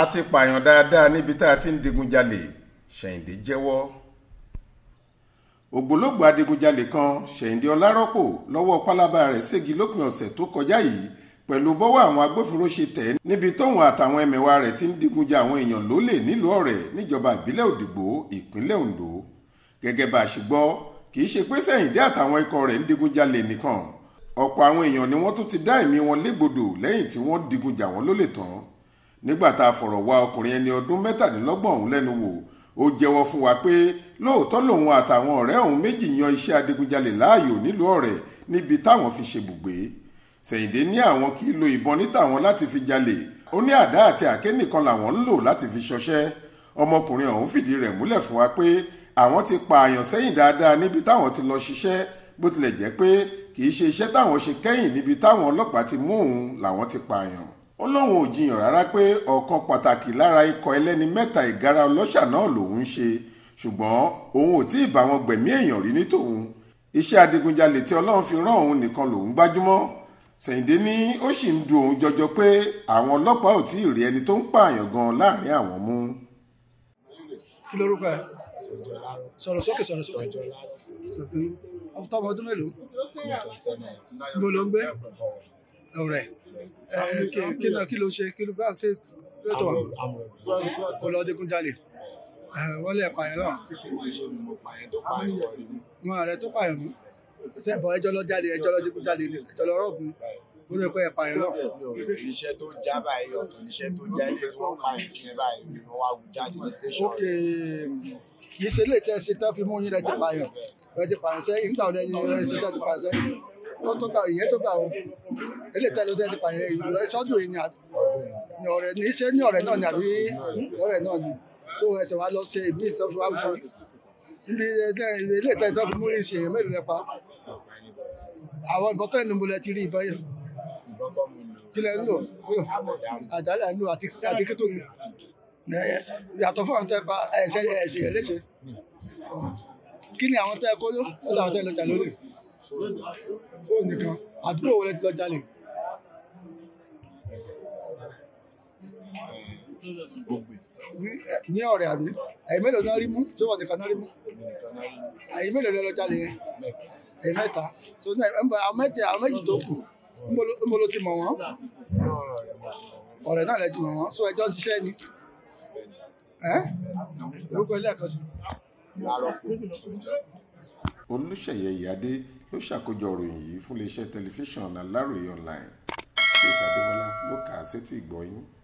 a ti pààyàn dáadáa níbi tá a ti ń digunjalè ṣèyíndé jẹ́wọ́ ògbólógbòó adigunjalè kan ṣèyíndé ọlárọ́pò lọ́wọ́ pálábá rẹ̀ ségi lópin ọ̀sẹ̀ tó kọjá yìí pẹ̀lú bọ́wọ́ àwọn agbófinró ṣe tẹ̀ níbi tóun àtàwọn ẹ̀mẹ̀wà rẹ̀ ti ń digunja àwọn èèyàn lólè nílùú ọ̀rẹ́ níjọba ìbílẹ̀ òdìgbò ìpínlẹ̀ ondo gẹ́gẹ́ bá a ṣe gbọ́ kì í ṣe pé ṣèyíndé àtàwọn ikọ̀ rẹ̀ ń digunjalè nìkan ọ̀pọ̀ àwọn èèyàn ni wọ́n tún ti dá ẹ̀mí wọn légbodò lẹ́yìn tí wọ́n digunja wọn lólè tán nígbà tá a fọ̀rọ̀ wá ọkùnrin ẹni ọdún mẹ́tàdínlọ́gbọ̀n ọ̀hún lẹ́nu wò ó jẹ́wọ́ fún wa pé lóòótọ́ lòun àtàwọn ọ̀rẹ́ òun méjì yan iṣẹ́ adigunjalè láàyò nílùú ọ̀rẹ́ níbi táwọn fi ṣebùgbé Ṣèyìndé ní àwọn kì í lo ìbọn ní tàwọn láti fi jalè ó ní àdá àti àké nìkan làwọn ń lò láti fi ṣọṣẹ́ ọmọkùnrin ọ̀hún fìdí rẹ̀ múlẹ̀ fún wa pé àwọn ti pààyàn sẹ́yìn dáadáa níbi táwọn ti lọ ṣiṣẹ́ bó tilẹ̀ jẹ́ pé kì í ṣe iṣẹ́ táwọn ṣe kẹ́yìn níbi táwọn ọlọ́pàá ti mú òun làwọn ti pààyàn ó lóun ò jiyàn rárá pé ọ̀kan pàtàkì lára ikọ̀ ẹlẹ́ni mẹ́ta ìgárá ọlọ́ṣà náà lòun ń ṣe ṣùgbọ́n òun ò tí ì bá wọn gbẹ̀mí èèyàn rí ní tòun iṣẹ́ adigunjalè tí ọlọ́run fi rán òun nìkan lòun gbájúmọ́ Sẹ̀yìndé ní ó sì ń du òun jọjọ pé àwọn ọlọ́pàá ò tí ì rí ẹni tó ń pààyàn gan láàrin àwọn mú. kí lorúkọ ẹ sọ̀rọ̀ sókè sọ̀rọ̀ sókè ọmọ ọdún mélòó gbọ́dọ̀ ń gbé ọ̀rẹ́ kí ló kí ló ṣe kí ló bá kí ló tọ kó lọ digunjalè wọ́n lè pààyàn náà. wọn ààrẹ tó pààyàn mú sẹbọ ẹjọ́ lọ jáde ẹjọ́ lọ digunjalè ẹjọ́ lọ rọọbù ó lè pẹ́ ẹ̀pààyàn náà. iṣẹ́ tó já báyìí ọ̀tọ̀ iṣẹ́ tó já ilé tí wọ́n pààyàn sí ẹ báyìí ni wọ́n wá wù jáde ní station. ok kì í ṣe ilé ìtẹ́sí tó fi mú yín lẹ́tí pààyàn lẹ́tí pààyàn sẹ́yìn nígbà wo lẹ́yìn ti pààyàn sẹ́yìn tó tó gbà ìyẹn tó gbà o eléyìí tẹ́lẹ̀ tẹ́lẹ̀ ti ìlú sọ́dún yìí ni ọ̀rẹ́ ní ṣé ní ọ̀rẹ́ náà ni àbí ọ̀rẹ́ náà ni so ẹsẹ̀ wa lọ ṣe ìbí ìtọ́jú wa fún ibi eléyìí tẹ́lẹ̀ tó fi mú ìṣe èèyàn mélòó rẹ pa àwọn ìbọn tó ẹnu mo lẹ ti rí ìbọn yẹn kí ń lò àdálẹ̀ ń lò àti kí tó yàtọ̀ fún àwọn tẹ́ kó ló ọ̀dọ̀ àwọn tẹ́ lọ jà lórí fóònù nìkan àdúgbò wọlé ti lọ jalè. ní ọ̀rẹ́ àbí ẹ̀yin mélòó náà rí mú tí wọ́n nìkan náà rí mú ẹ̀yin mélòó náà lọ jalè yẹn ẹ̀yin mẹ́ta tó ní àwọn méjì tó kù ń bolo ti mọ̀ wọ́n ọ̀rẹ́ náà lẹ ti mọ̀ wọ́n so ẹjọ́ ń ṣiṣẹ́ ni orúkọ ilé ẹ̀kọ́ sí. olùṣeyẹ ìyáde ló ṣàkójọ ìròyìn yìí fún iléeṣẹ́ tẹlifíṣàn aláròye online faith adébọlá ló kà á sétí ìgbọ́ yín